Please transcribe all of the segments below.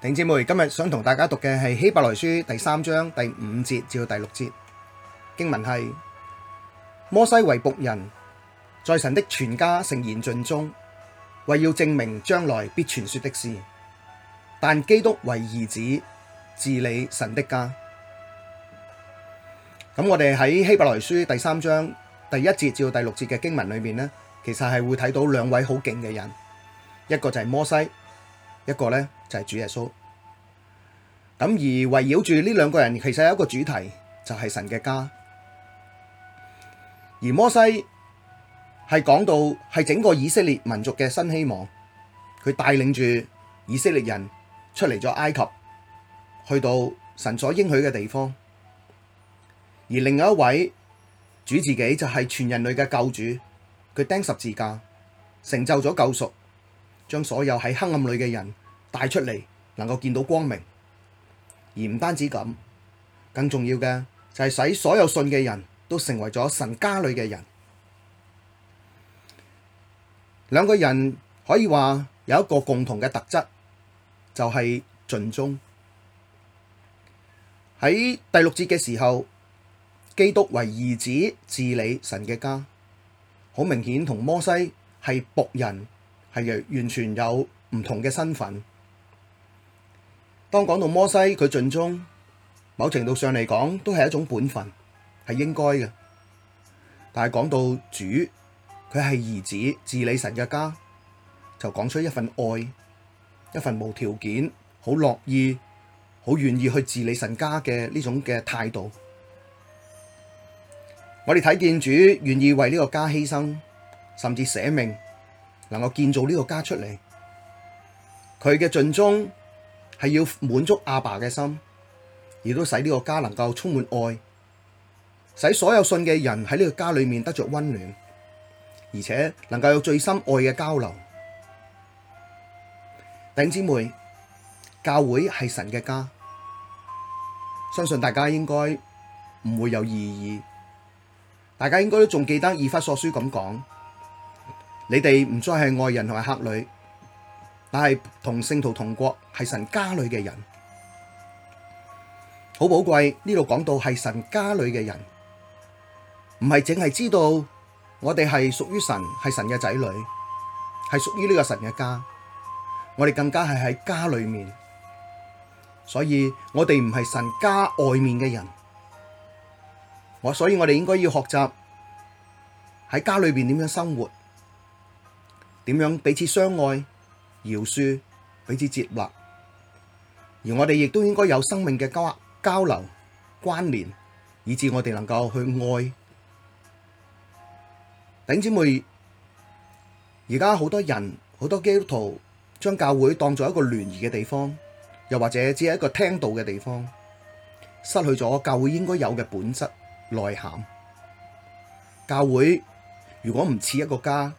弟兄姐妹，今日想同大家讀嘅係希伯來書第三章第五節至第六節，經文係：摩西為僕人，在神的全家誠然盡忠，為要證明將來必傳說的事；但基督為兒子，治理神的家。咁我哋喺希伯來書第三章第一節至第六節嘅經文裏面呢，其實係會睇到兩位好勁嘅人，一個就係摩西，一個呢。就係主耶穌，咁而圍繞住呢兩個人，其實有一個主題，就係、是、神嘅家。而摩西係講到係整個以色列民族嘅新希望，佢帶領住以色列人出嚟咗埃及，去到神所應許嘅地方。而另外一位主自己就係全人類嘅救主，佢釘十字架，成就咗救贖，將所有喺黑暗裏嘅人。帶出嚟能夠見到光明，而唔單止咁，更重要嘅就係使所有信嘅人都成為咗神家裏嘅人。兩個人可以話有一個共同嘅特質，就係、是、盡忠。喺第六節嘅時候，基督為兒子治理神嘅家，好明顯同摩西係僕人，係完全有唔同嘅身份。當講到摩西，佢盡忠，某程度上嚟講都係一種本分，係應該嘅。但係講到主，佢係兒子治理神嘅家，就講出一份愛，一份無條件，好樂意，好願意去治理神家嘅呢種嘅態度。我哋睇到主願意為呢個家犧牲，甚至捨命，能夠建造呢個家出嚟，佢嘅盡忠係要滿足阿爸嘅心，亦都使呢個家能夠充滿愛，使所有信嘅人喺呢個家裏面得着溫暖，而且能夠有最深愛嘅交流。弟兄姊妹，教會係神嘅家，相信大家應該唔會有異議。大家應該都仲記得以弗所書咁講：你哋唔再係外人同埋客旅。但係同聖徒同國，係神家裏嘅人，好寶貴。呢度講到係神家裏嘅人，唔係淨係知道我哋係屬於神，係神嘅仔女，係屬於呢個神嘅家。我哋更加係喺家裏面，所以我哋唔係神家外面嘅人。我所以我哋應該要學習喺家裏面點樣生活，點樣彼此相愛。謠説俾之揭露，而我哋亦都應該有生命嘅交交流、關聯，以致我哋能夠去愛。頂姊妹，而家好多人、好多基督徒將教會當作一個聯誼嘅地方，又或者只係一個聽道嘅地方，失去咗教會應該有嘅本質內涵。教會如果唔似一個家。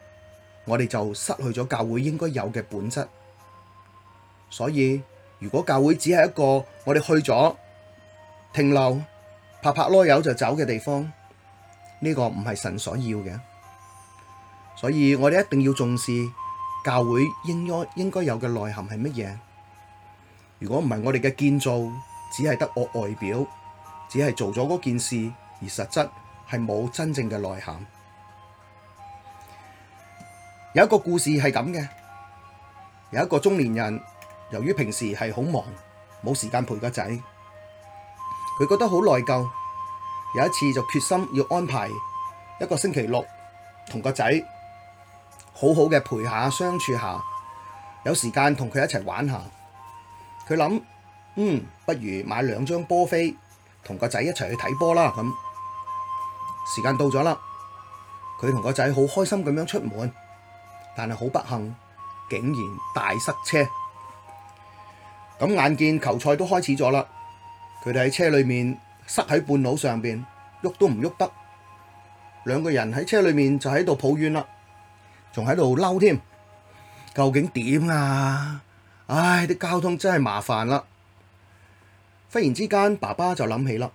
我哋就失去咗教會應該有嘅本質，所以如果教會只係一個我哋去咗停留、拍拍囉柚就走嘅地方，呢個唔係神所要嘅。所以我哋一定要重視教會應該應該有嘅內涵係乜嘢？如果唔係我哋嘅建造只係得我外表，只係做咗嗰件事，而實質係冇真正嘅內涵。有一個故事係咁嘅，有一個中年人，由於平時係好忙，冇時間陪個仔，佢覺得好內疚。有一次就決心要安排一個星期六同個仔好好嘅陪下、相處下，有時間同佢一齊玩下。佢諗，嗯，不如買兩張波飛，同個仔一齊去睇波啦。咁時間到咗啦，佢同個仔好開心咁樣出門。但係好不幸，竟然大塞車。咁眼見球賽都開始咗啦，佢哋喺車裏面塞喺半路上邊，喐都唔喐得。兩個人喺車裏面就喺度抱怨啦，仲喺度嬲添。究竟點啊？唉，啲交通真係麻煩啦。忽然之間，爸爸就諗起啦，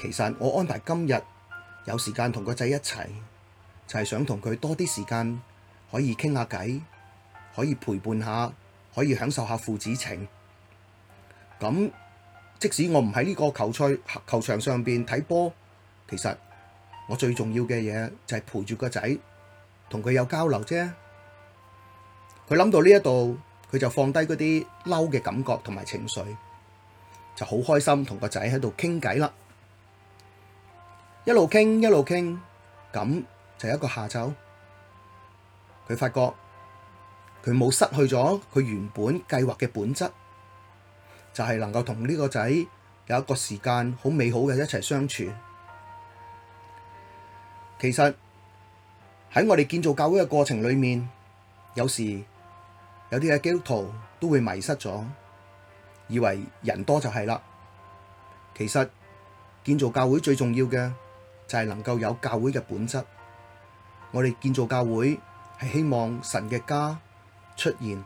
其實我安排今日有時間同個仔一齊。就係想同佢多啲時間，可以傾下偈，可以陪伴下，可以享受下父子情。咁即使我唔喺呢個球賽球場上邊睇波，其實我最重要嘅嘢就係陪住個仔，同佢有交流啫。佢諗到呢一度，佢就放低嗰啲嬲嘅感覺同埋情緒，就好開心同個仔喺度傾偈啦，一路傾一路傾咁。就，一個下晝，佢發覺佢冇失去咗佢原本計劃嘅本質，就係能夠同呢個仔有一個時間好美好嘅一齊相處。其實喺我哋建造教會嘅過程裡面，有時有啲嘅基督徒都會迷失咗，以為人多就係啦。其實建造教會最重要嘅就係能夠有教會嘅本質。我哋建造教會係希望神嘅家出現，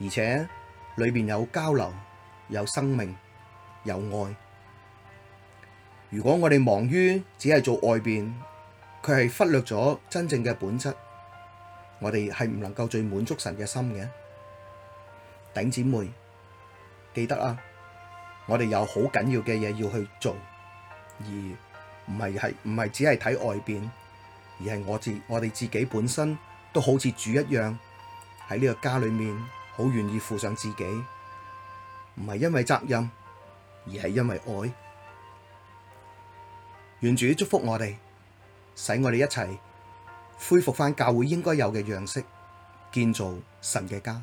而且裏面有交流，有生命，有愛。如果我哋忙於只係做外面，佢係忽略咗真正嘅本質，我哋係唔能夠最滿足神嘅心嘅。頂姊妹記得啊，我哋有好緊要嘅嘢，要去做，而唔係係唔係只係睇外面。而係我自我哋自己本身都好似主一樣，喺呢個家裏面好願意負上自己，唔係因為責任，而係因為愛。願主祝福我哋，使我哋一齊恢復翻教會應該有嘅樣式，建造神嘅家。